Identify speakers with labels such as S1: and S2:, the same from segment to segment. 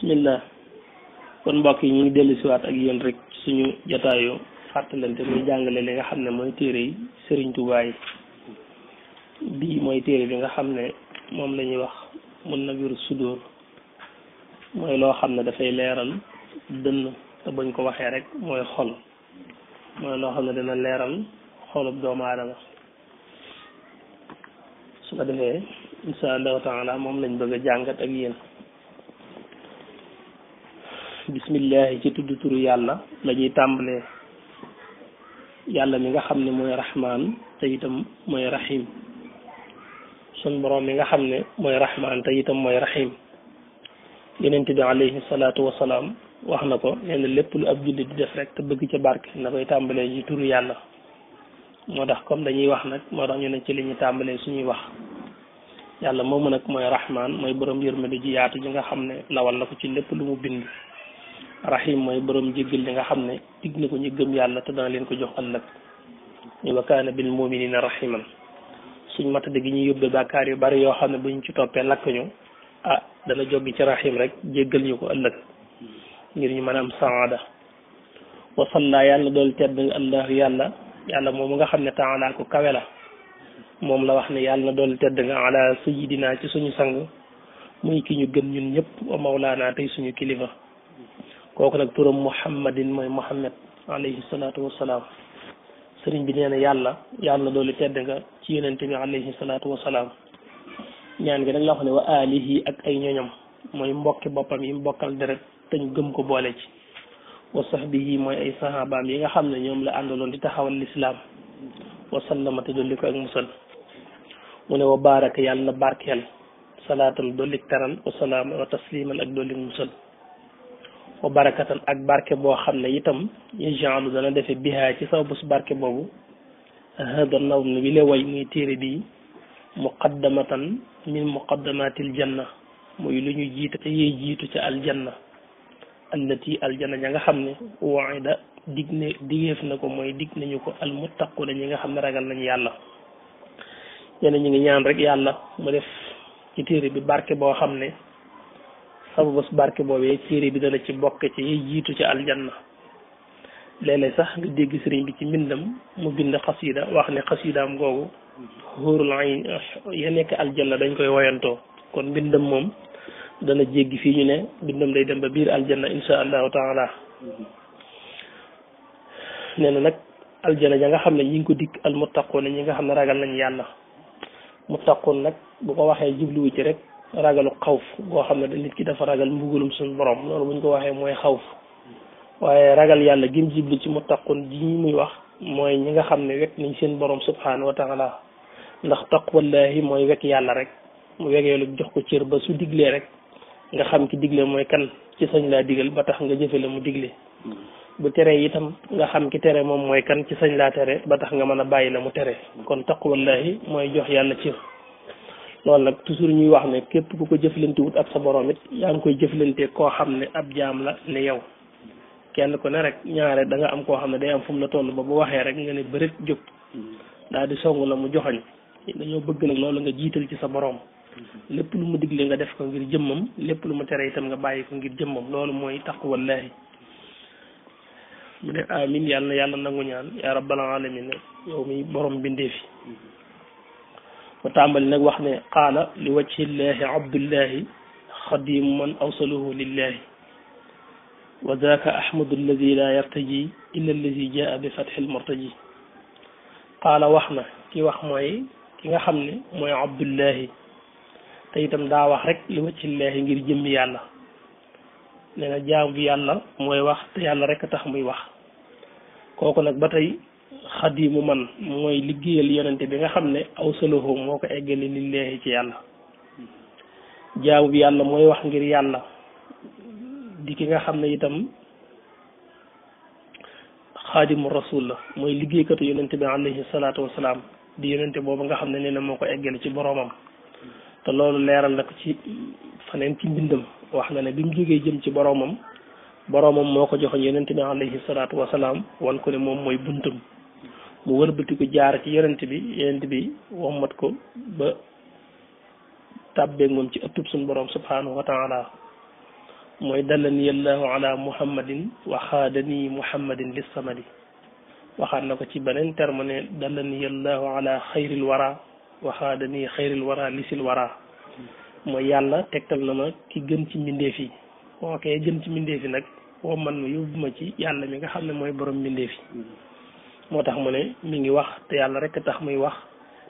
S1: bismillah kon mbokk yi ñu ngi dellu ak yéen rek suñu jataayu fàttalante muy jàngale li nga xam ne mooy téere yi sëriñ Tuubaa mooy téere bi nga xam ne moom la ñuy wax mun na wiru sudóor mooy loo xam ne dafay leeral dënn te bañ ko waxee rek mooy xol mooy loo xam ne dana leeral xolub doomu aadama su ko defee insha allahu taala moom lañ bëgg a jàngat ak yéen bismillahi ci tudd turu yàlla la ñuy tàmbalee yàlla mi nga xam ne mooy rahmaan te itam mooy rahim sun boroom mi nga xam ne mooy rahmaan te itam mooy rahim yonent bi alayhi salaatu wasalaam wax na ko nee na lépp lu ab jullit di def rek bëgg ca barke na koy tàmbalee ji turu yàlla moo tax comme dañuy wax nag moo tax ñu ne ci li ñu tàmbalee suñuy wax yàlla moo mën nag mooy rahmaan mooy borom yërmande ji yaatu ji nga xam ne lawal na ko ci lépp lu mu bind rahim mooy boroom jéggal li nga xam ne digg na ko ñu gëm yàlla te dana leen ko jox ëllëg ñu wa kaana bil muminina rahiman suñ matadi gi ñuy yóbbee bàkkaar yu bari yoo xam ne buñ ci toppee lakk ñu ah dana joggi ci rahim rek jéggal ñu ko ëllëg ngir ñu mën am saada wa salla yàlla dool tedd nga allahu yàlla yàlla moom mu nga xam ne taala ko kawe la moom la wax ne yàlla na dool tedd nga ala sayidina ci suñu sang muy ki ñu gën ñun ñëpp wa mawlaana tey suñu kilifa kooku nag turam muhammadin mooy muhammad alayhi salaatu wasalaam sëriñ bi nee na yàlla yàlla na doolu tedd nga ci yonente bi alayhi salaatu wasalaam ñaan gi nag la wax ne wa alihi ak ay ñoñam mooy mbokki boppam yi mbokkal deret te ñu gëm ko boole ci wa sahbihi mooy ay sahabaam yi nga xam ne ñoom la àndaloon di taxawal lislaam wa sallama te dolli ko ak musal mu ne wa baraka yàlla na barkeel salaatam dollik taral wa wa tasliman ak dollik musal wa barakatan ak barke boo xam ne itam yajaalu dana defe bihaa ci saw su barke boobu hada nawm bi le way muy téere bi muqaddamatan min muqaddamatil janna muy lu ñu jiit jiita yee jiitu ca aljanna allati aljana ña nga xam ne waida dig ne digeef na ko mooy digg nañu ko almuttaquna ñi nga xam ne ragal nañu yàlla ñeneen ñi ngi ñaan rek yàlla mu def ci téere bi barke boo xam ne sama bés barke boobee téere bi dana ci bokk ci yi jiitu ci aljanna léeg sax nga dégg sëriñ bi ci mbindam mu bind xasida wax ne xasidaam googu xuurul ayn ya nekk aljanna dañ koy woyantoo kon mbindam moom dana jéggi fii ñu ne mbindam day dem ba biir aljanna insha allahu taala nee na nag aljana ya nga xam ne ñi ngi ko dikk almuttaqoon ñi nga xam ne ragal nañ yàlla muttaqoon nag bu ko waxee jubluwu ci rek ragalu xawf goo xam ne da nit ki dafa ragal mbugalum suñu borom loolu bu ñu ko waxee mooy xawf waaye ragal yàlla gim jibli ci mu muttaqun ji muy wax mooy ñi nga xam ne wekk nañ seen borom subhanahu wa la ndax taqwallahi mooy wekk yàlla rek mu wegeelu jox ko cër ba su diglee rek nga xam ki digle mooy kan ci sañ laa digal ba tax nga jëfe la mu digle bu teree itam nga xam ki tere moom mooy kan ci sañ laa tere ba tax nga mën a bàyyi la mu tere kon taqwallahi mooy jox yàlla cër loolu nag toujours ñuy wax ne képp ku ko jëflantewut ak sa borom it ngi koy jëflante koo xam ne ab jaam la ne yow kenn ku ne rek ñaare da nga am koo xam ne day am fu mu la toll ba bu waxee rek nga ne daal di song la mu joxoñ bëgg nag loolu nga jiital ci sa borom lépp lu mu digle nga def ko ngir jëmmam lépp lu ma tere itam nga bàyyi ko ngir jëmmam loolu mooy taqwallaahi mu ne amin yàlla na yàlla nangu ñaan yaa rabbal alamin yow mi borom bindee fi وتعمل نك وخنا قال لوجه الله عبد الله خديم من اوصله لله وذاك احمد الذي لا يرتجي الا الذي جاء بفتح المرتجي قال وخنا كي وخ موي كيغا خامني موي عبد الله تيتم دا وخ رك لوجه الله غير جيم يالا نينا جام في يالا موي وخ تي يالا رك تخ موي وخ كوكو نك باتاي xadimu man mooy liggéeyal yonente bi nga xam ne aw salahu moo ko eggale lillahi ci yàlla jaamu bi yàlla mooy wax ngir yàlla di ki nga xam ne itam xaadimu rasul la mooy liggéeykatu yonente bi alayhi salaatu wasalaam di yonente boobu nga xam ne nee na moo ko eggale ci boroomam te loolu leeral na ci faneen ci mbindam wax na ne bi mu jógee jëm ci boroomam boroomam moo ko joxoon yonente bi alayhi salaatu wasalaam wan ko ne moom mooy buntam mu wëlbati ko jaar ci yonent bi yonent bi wommat ko ba tàbbeeg moom ci ëttub suñ borom subhanahu wa taala mooy dallani allahu ala muhammadin wa xaadani muhammadin lissamadi waxaat na ko ci beneen terme ne dallani allahu ala xayril wara wa xaadani xayril wara mooy yàlla tegtal na ma ki gën ci mbindeef yi kookee gën ci mbindeef yi nag woo ma yóbbu ma ci yàlla mi nga xam ne mooy borom mbindeef yi moo tax mu ne mi ngi wax te yàlla rek tax muy wax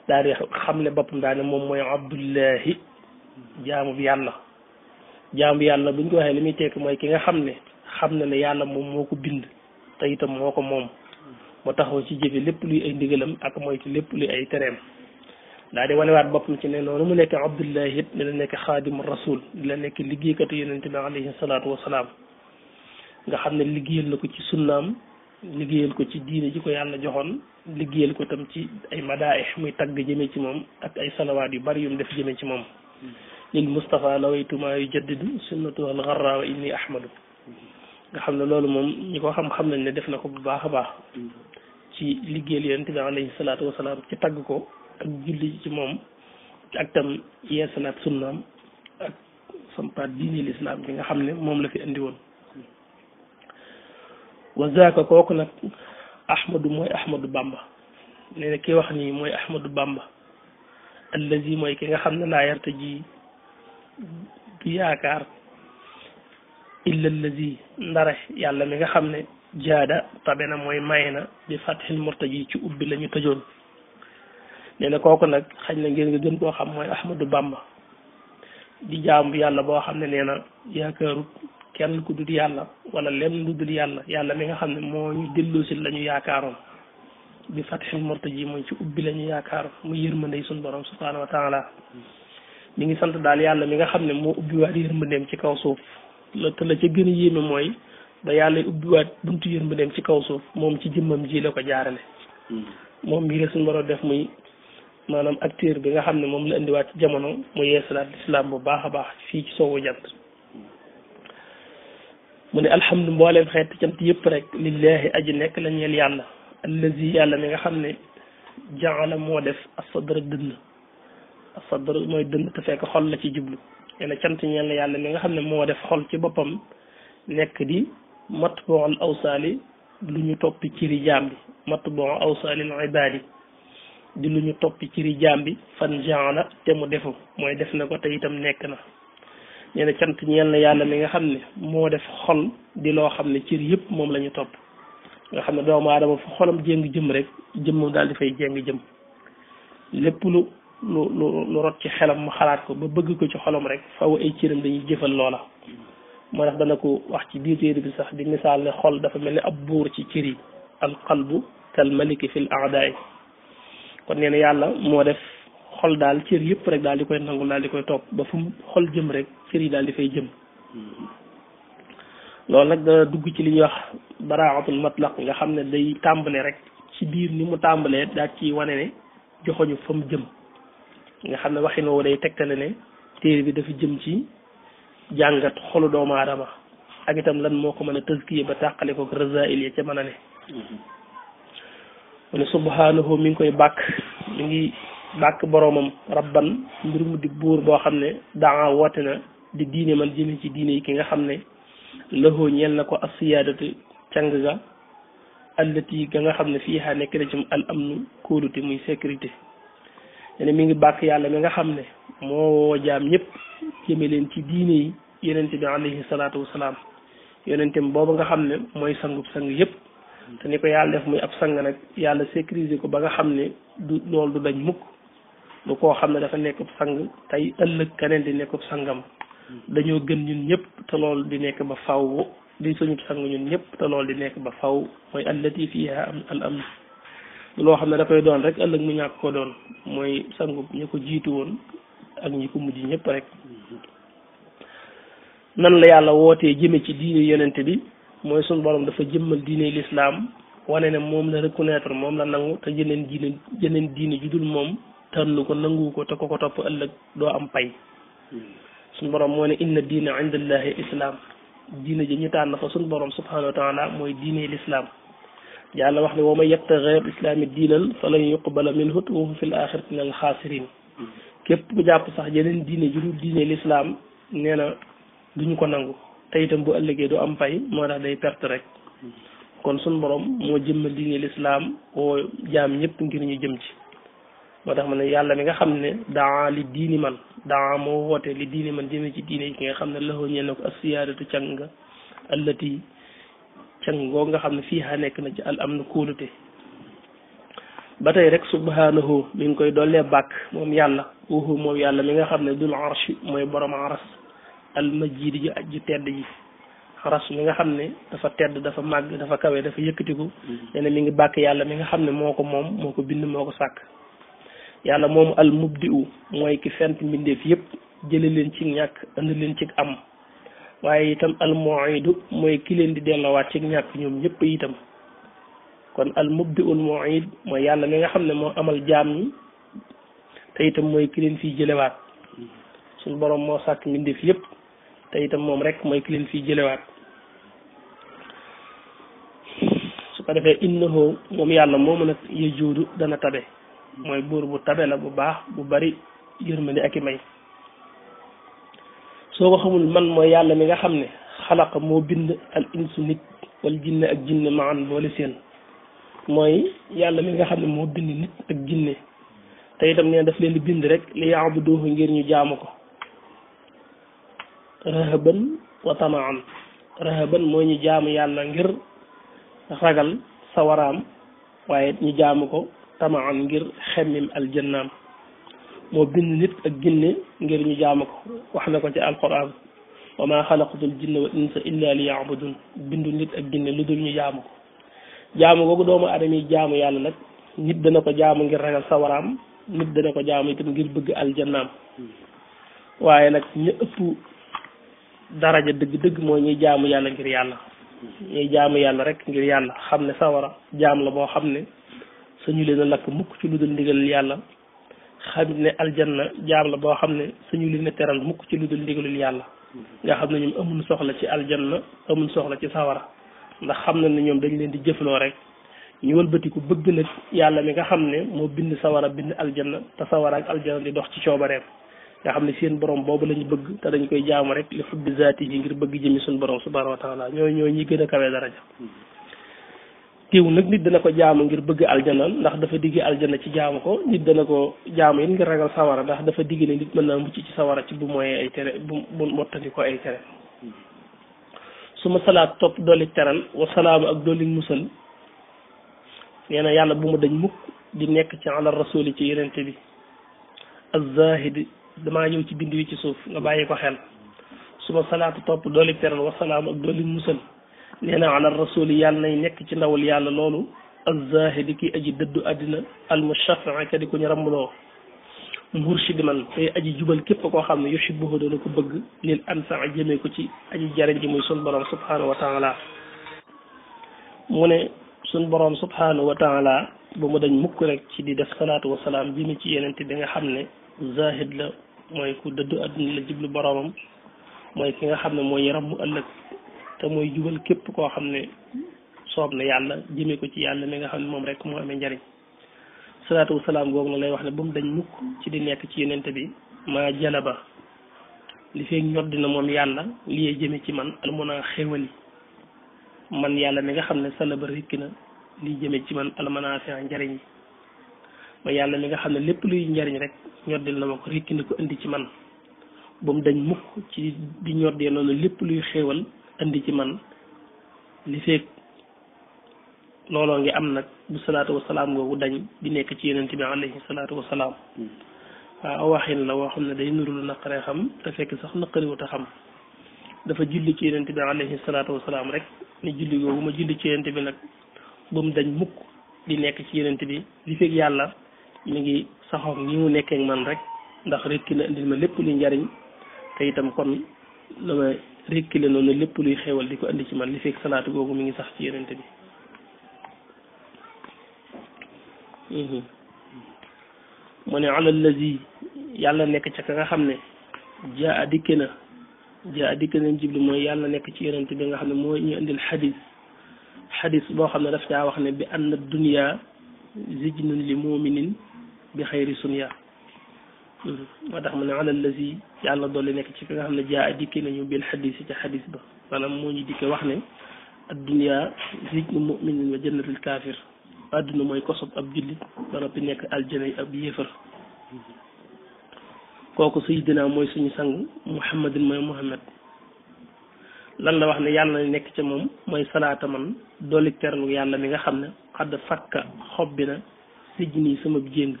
S1: daal di xamle boppam daal ne moom mooy abdullahi jaamu bi yàlla jaamu yàlla buñ ko waxee li muy tekk mooy ki nga xam ne xam na ne yàlla moom moo ko bind te itam moo ko moom mu taxaw ci jëfe lépp luy ay ndigalam ak mooy ci lépp luy ay tereem daal di wanewaat boppam ci ne noonu mu nekk abdullahi it di la nekk xaadimu rasul di la nekk liggéeykatu yonente bi alayhi salaatu wasalaam nga xam ne liggéeyal na ko ci sunnaam liggéeyal ko ci diine ji ko yàlla joxoon liggéeyal ko tam ci ay madaay muy tagg jëme ci moom ak ay salawaat yu bari yum def jëme ci moom lil Moustapha lawaytuma yu jaddidu sunnatu al gharra wa ahmadu nga xam ne loolu moom ñi ko xam xam nañ ne def na ko bu baax a baax ci liggéeyal yonent bi alayhi salaatu wasalaam ci tagg ko ak julli ci moom ak tam yeesalaat sunnaam ak sampaat diine lislaam bi nga xam ne moom la fi indi woon wa kooku nag ahmadu mooy ahmadu bamba nee ki wax nii mooy ahmadu bamba allazi mooy ki nga xam ne laa yarta ji du yaakaar illa allazi ndare yàlla mi nga xam ne jaada tabe na mooy may na bi fatxil murtaji ci ubbi la ñu tëjoon nee na kooku nag xañ na ngeen nga gën koo xam mooy ahmadu bamba di jaamu yàlla boo xam ne nee na kenn ku dul yàlla wala lenn lu dul yàlla yàlla mi nga xam ne moo ñu delloosi la ñu yaakaaroon bi fatxil murtaji mooy ci ubbi la ñu yaakaaroon mu yërmande suñu borom subhaanahu wa taala mi ngi sant daal yàlla mi nga xam ne moo ubbiwaat yërmandeem ci kaw suuf la te la ci gën a yéeme mooy ba yàlla ubbiwaat buntu yërmandeem ci kaw suuf moom ci jëmmam ji la ko jaarale. moom mi la suñu borom def muy maanaam acteur bi nga xam ne moom la indiwaat ci jamono mu yeesalaat lislaam bu baax a baax fii ci sowu jant. mu ne alhamdu mbooleem xeeti cant yëpp rek lillahi aji nekk la ñeel yàlla allazi yàlla mi nga xam ne jaala moo def asadra dënn asadra mooy dënn te fekk xol la ci jublu yéen cant ñeel na yàlla mi nga xam ne moo def xol ci boppam nekk di matt bool awsaali lu ñu toppi ciri jaam bi matt bool awsaali al ibaadi di lu ñu toppi ciri jaam bi fan jaala te mu defu mooy def na ko te itam nekk na nee na cant ñeel na yàlla mi nga xam ne moo def xol di loo xam ne cër yëpp moom la ñu topp nga xam ne doomu aadama fu xolam jéng jëm rek jëmmam daal dafay fay jëm lépp lu lu lu rot ci xelam mu xalaat ko ba bëgg ko ci xolam rek faw ay cëram dañuy jëfal loola moo tax dana ko wax ci biir téere bi sax di misaal ne xol dafa mel ni ab buur ci cër yi al qalbu kal maliki fil kon nee yàlla moo def xol daal cër yëpp rek daal di koy nangu daal di koy topp ba fu mu xol jëm rek cër yi daal di fay jëm loolu nag dana dugg ci li ñuy wax baraaxatul matlaq nga xam ne day tàmbale rek ci biir ni mu tàmbalee daal ci wane ne joxoñu fa mu jëm nga xam ne waxin woowu day tegtale ne téere bi dafa jëm ci jàngat xolu doomu aadama ak itam lan moo ko mën a tëskiye ba tàqale ko rasail ya ca mën a ne mm-hmm. mu ne subhanahu mi ngi koy bàkk mi ngi bàkk boromam rabban mbir mu di buur boo xam ne daa woote na di diine man jëme ci diine yi ki nga xam ne lëxoo ñeel na ko ab asiyaadatu càng ga allati ka nga xam ne fii xaa nekk na ci muy sécurité ne mi ngi bàkk yàlla mi nga xam ne moo woo ñëpp jëme leen ci diine yi yonente bi alayhi salaatu wasalaam yonentem boobu nga xam ne mooy sangu sang yëpp te ni ko yàlla def muy ab sang nag yàlla sécuriser ko ba nga xam ne du loolu du dañ mukk du koo xam ne dafa nekkub sang tey ëllëg keneen di nekkub sangam dañoo gën ñun ñépp te lool di nekk ba faw di suñu sang ñun ñëpp te lool di nekk ba faw mooy allati fiha am al am loo xam ne dafay doon rek ëllëg mu ñàkk ko doon mooy sangu ñu ko jiitu woon ak ñi ko mujj ñëpp rek nan la yàlla wootee jëme ci diine yonent bi mooy suñu borom dafa jëmmal diine lislaam wane ne moom la reconnaître moom la nangu te jeneen diine jeneen diine ju moom tànn ko nangu ko te ko ko topp ëllëg doo am pay suñ borom moo ne inna diina inda allahi islam diina ji ñu tànn fa suñ borom subhanahu wa taala mooy diine l'islam yàlla wax ne wa man yabtaxi ghayra islami diinan falan yuqbala minhu wa huwa fil axirati képp jàpp sax yeneen diine ju dul diine l'islam nee na duñu ko nangu te tam bu ëllëgee du am pay moo tax day perte rek kon suñ borom moo jëmmal diine l'islam woo jaam ñëpp ngir ñu jëm ci moo tax ma ne yàlla mi nga xam ne daa li diini man daa moo woote li diini man jëmee ci diine ki nga xam ne laxoo ñeen na ko ak siyaadatu càng allati càng goo nga xam ne fii xa nekk na ci al am na kóolute ba tey rek subhanahu mi ngi koy dollee bàkk moom yàlla wuhu moom yàlla mi nga xam ne dul arsh mooy borom aras al majid ji aj ju tedd ji aras mi nga xam ne dafa tedd dafa màgg dafa kawe dafa yëkkatiku mm-hmm. nee na mi ngi bàkk yàlla mi nga xam ne moo ko moom moo ko bind moo ko sàkk yàlla moom al mubdiu mooy ki fent mbindeef yépp jële leen ci ñàkk andi leen ci am waaye itam al muidu mooy ki leen di delloowaat ci ñàkk ñoom ñëpp itam kon al mubdiul muid mooy yàlla mi nga xam ne moo amal jaam ñi mooy ki leen jëlewaat suñu borom moo sàkk mbindeef yépp te itam moom rek mooy ki leen fiy jëlewaat su ko moom yàlla moomu nag yejuudu dana tabe mooy buur bu tabe la bu baax bu bari yërmande ak i may soo ko xamul man mooy yàlla mi nga xam ne xalaqa moo bind al insu nit wal jinne ak jinne maan boole seen mooy yàlla mi nga xam ne moo bind nit ak jinne te itam nee daf leen di bind rek li yaabuduhu ngir ñu jaamu ko rahaban wa tamaan rahaban mooy ñu jaamu yàlla ngir ragal sawaraam waaye ñu jaamu ko tamaan ngir xemmim aljannaam moo bind nit ak ginne ngir ñu jaamu ko wax na ko ci alquran wa maa xalaqatul jinna wal insa illa li yaabudun bindu nit ak ginne lu dul ñu jaamu ko jaamu googu doomu aadama yi jaamu yàlla nag nit dana ko jaamu ngir ragal sawaraam dana ko jaamu ngir bëgg aljannaam waaye nag ñu ëpp daraja dëgg-dëgg mooy ñuy jaamu yàlla ngir yàlla ñuy jaamu yàlla rek ngir yàlla xam ne sawara jaam la boo xam ne sañu leen a lakk mukk ci lu dul ndigalul yàlla xam ne aljanna jaam la boo xam ne sañu leen a teral mukk ci lu dul ndigalul yàlla nga xam ne ñoom amuñ soxla ci aljanna amuñ soxla ci sawara ndax xam na ñoom dañ leen di jëfloo rek ñu wëlbatiku bëgg nag yàlla mi nga xam ne moo bind sawara bind aljanna te sawara ak aljanna di dox ci coobareem nga xam ne seen borom boobu lañu bëgg te dañ koy jaamu rek li xubbi zaati yi ngir bëgg jëmi suñu borom subhanahu wa taala ñooy ñooy ñi gën a kawe daraja tiw nag nit dana ko jaamu ngir bëgg aljana ndax dafa digge aljana ci jaamu ko nit dana ko jaamu it ngir ragal sawara ndax dafa digg nit mën naa mucc ci sawara ci bu mooyee ay tere bu bu mottandi ko ay tere su ma salaat topp dolli teral wasalaamu ak dolli musal yàlla bu ma dañ mukk di nekk ci ala ci yonente bi azahid damaa ñëw ci bind wi ci suuf nga bàyyi ko xel su ma salaatu topp dolli teral wasalaamu ak musal nee na ala rasuli yàlla nay nekk ci ndawal yàlla loolu azzahidi ki aji dëddu àddina almushafaa ka di ko ñu rambloo murshid man tay aji jubal képp koo xam ne yuhibbuhu doona ko bëgg lil anfaa jëmee ko ci aji jariñ ji muy sun borom subhanahu wa mu ne sun borom subhanahu wa taala ba mu dañ mukk rek ci di def salaatu wa bii jëmee ci yenente bi nga xam ne zahid la mooy ku dëddu àddina la jiblu boromam mooy ki nga xam ne mooy ramu ëllëg te mooy jubal képp koo xam ne soob na yàlla jëmee ko ci yàlla mi nga xam ne moom rek moo amee njariñ salaatu wasalaam googu na lay wax ne ba mu dañ mukk ci di nekk ci yonent bi maa jala ba li fee ñodd na moom yàlla liyee ci man almana xéwali man yàlla mi nga xam ne salaba rikki na liy ci man almanafia njariñ yi yàlla mi nga xam ne lépp luy njariñ rek ñoddil na ko indi ci man ba dañ ci di ñoddee noonu lépp luy xéewal andi ci man li feeg looloo ngi am nag bu salaatu wasalaam googu dañ di nekk ci yonent bi alayhi salaatu wasalaam waaw waxin la woo xam ne day nuru lu naqaree xam te fekk sax naqariwut a xam dafa julli ci yonent bi alayhi salaatu wasalaam rek ni julli googu ma julli ci yonent bi nag ba mu dañ mukk di nekk ci yonent bi li feeg yàlla mu ngi saxoog ni mu nekkee man rek ndax rekki na indil ma lépp lu njariñ te itam kon la may rékkile noonu lépp luy xewal di ko andi ci man li fekk salaatu googu mu ngi sax ci yonente bi mhm. mu ne ala lazi yàlla nekk ca ka nga xam ne jaa dikke na jaa dikke nañ jibli mooy yàlla nekk ci yonente bi nga xam ne moo ñu indil xadis xadis boo xam ne daf caa wax ne bi anna dunya zijnun li muminin bi xayri sunya moo tax ma ne alal lazi yàlla dolli nekk ci ki nga xam ne jaa dikki nañu bil xadis ci xadis ba maanaam moo ñu dikkee wax ne adduniyaa zijnu muminin wa mooy kosob ab jullit ba noppi nekk aljana ab yéefar kooku sayyidina mooy suñu sang muhammadin mooy muhammad lan la wax ne yàlla na nekk ca moom mooy salaata man dooli terlu yàlla mi nga xam ne xadd fakka xob bi na sijni sama jéng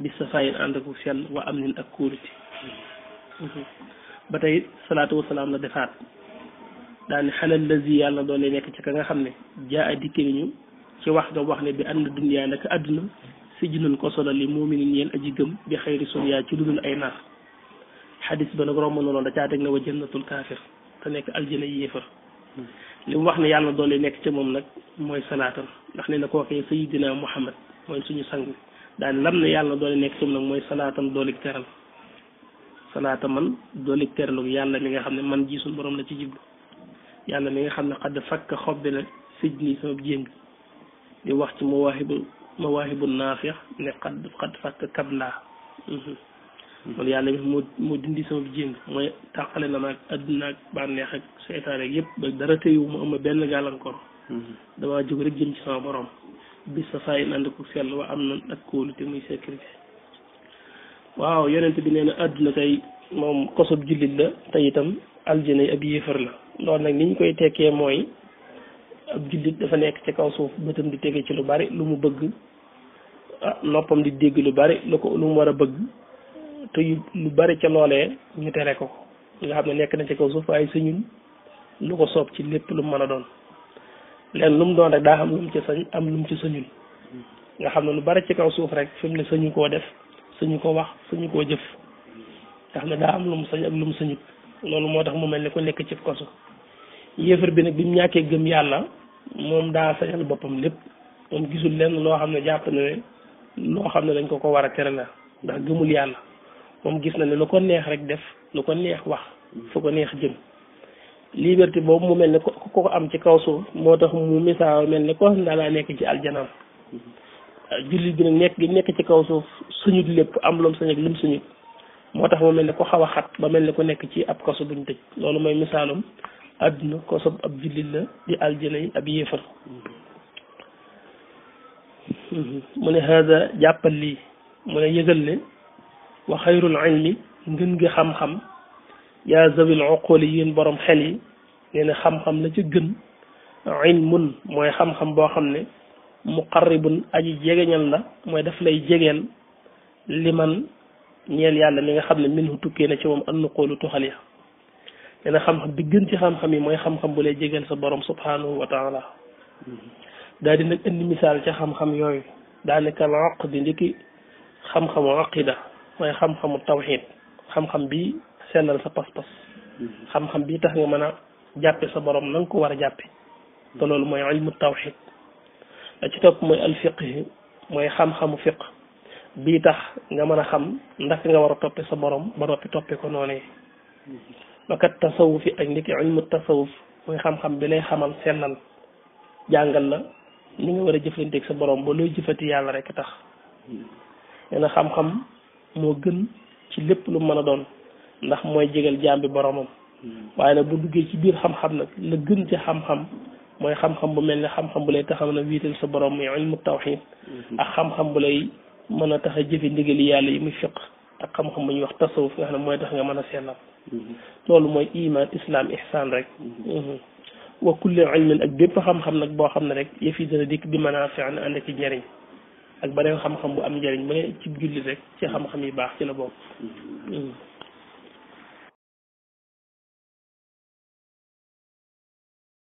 S1: bi safayin ànd ak sell wa am nin ak kóolute ba tey salaatu wasalaam la defaat daane xalal lazi yàlla doon lay nekk ci ka nga xam ne jaa a dikke ñu ci wax nga wax ne bi ànd dunyaa naka àdduna si junun ko solo li muuminin yéen aji gëm bi xayri yaa ci ludul ay nar xadis ba nag romb na loolu da caa teg na wa jannatul kaafir te nekk aljana yéefar li mu wax ne yàlla doon lay nekk ci moom nag mooy salaatam ndax ne na koo xee mooy suñu sang daal lam ne yàlla doole nekk ci nag mooy salaatam doolig teral salaata man doolig teralu yàlla li nga xam ne man ji boroom la ci jiblu yàlla mi nga xam ne xadd fakk xobbi la sij nii sama jéem di wax ci mawaahibu mawaahibu naafix ne xadd xadd fakk kablaa moom mhm. yàlla mi moo moo dindi sama jéem mooy tàqale na maag adduna ak bànneex ak seytaane ak yëpp ba dara téyu mu am benn gàllankoor mhm. damaa jóg rek jëm ci sama borom bi safaayin ànd ko sell wa am na ak kóolute muy sécurité waaw yonent bi nee àdduna tey moom kosob jullit la te itam aljana yi ab yéefar la loolu nag ni ñu koy tekkee mooy ab jullit dafa nekk ci kaw suuf bëtam di tege ci lu bari lu mu bëgg ah noppam di dégg lu bari lu ko lu mu war a bëgg te yu lu bari ca loolee ñu tere ko ko nga xam ne nekk na ci kaw suuf waaye suñun lu ko soob ci lépp lu mën a doon leen lu mu doon rek daa am lu mu ci sañ am lu mu ci sañul nga xam ne lu bari ci kaw suuf rek fi mu ne sañu koo def sañu ko wax sañu koo jëf nga xam ne daa am lu mu sañ lu mu sañut loolu moo tax mu mel ni ko nekk ci kosu yéefar bi nag bi mu ñàkkee gëm yàlla moom daa sañal boppam lépp moom gisul lenn loo xam ne jàpp na ne loo xam ne dañ ko ko war a tere la ndax gëmul yàlla moom gis na ne lu ko neex rek def lu ko neex wax fu ko neex jëm liberté boobu mu mel ni ku ko am ci kaw suuf moo tax mu misaal mel ne ko ndaa laa nekk ci aljanaam mm-hmm. jullit bi nag nekk gi nekk ci kaw suuf suñut lépp am lum sañ ak lum suñut moo tax mu mel ne ko xaw a xat ba mel ni ku nekk ci ab kaso buñ tëj loolu mooy misaalum àdduna kaso ab jullit la di aljana yi ab yéefar mm-hmm. mu ne hada jàppal lii mu ne yëgal ne wa xayrul ilmi ngën gi xam-xam yaa zawil uquli yéen boroom xel yi nee na xam-xam la ca gën ilmun mooy xam-xam boo xam ne muqarribun aji jegeñal la mooy daf lay jegeel liman ñeel yàlla mi nga xam ne minhu tukkee na ci moom an nuqulu tuxal ya nee xam-xam bi gën ci xam-xam yi mooy xam-xam bu lay jegeel sa borom subhanahu wa taala daal di nag indi misaal ca xam-xam yooyu daanaka la aq di ndiki xam-xamu aqida mooy xam-xamu tawxid xam-xam bi sellal sa pas-pas xam-xam bii tax nga mën a jàppe sa boroom na ko war a jàppe te loolu mooy ilmu tawxid la ci topp mooy alfiqhi mooy xam-xamu fiq bii tax nga mën a xam ndax nga war a toppe sa borom ba noppi toppe ko noonee bakat tasawuf yi ak ndiki mu tasawuf mooy xam-xam bi lay xamal sellal jàngal la ni ngi war a jëflanteeg sa borom ba looy jëfati yàlla rek tax hmm. nee na xam-xam moo gën ci lépp lu mën a doon ndax mooy jegal jambi bi boromam waaye nag bu duggee ci biir xam-xam nag la gën ci xam-xam mooy xam-xam bu mel ne xam-xam bu lay taxaw na wiital sa borom muy ilmu tawxiid ak xam-xam bu lay mën a tax a jëfe ndigali yàlla yi muy fiq ak xam-xam bu ñuy wax tasawuf nga xam ne mooy tax nga mën a sellal loolu mooy iman islam ihsan rek wa kulli ilmin ak bépp xam-xam nag boo xam ne rek yëfi yi dana dikk bi mën a fexe ànd ci njëriñ ak beneen xam-xam bu am njëriñ ba ci jullit rek ci xam-xam yi baax ci la bokk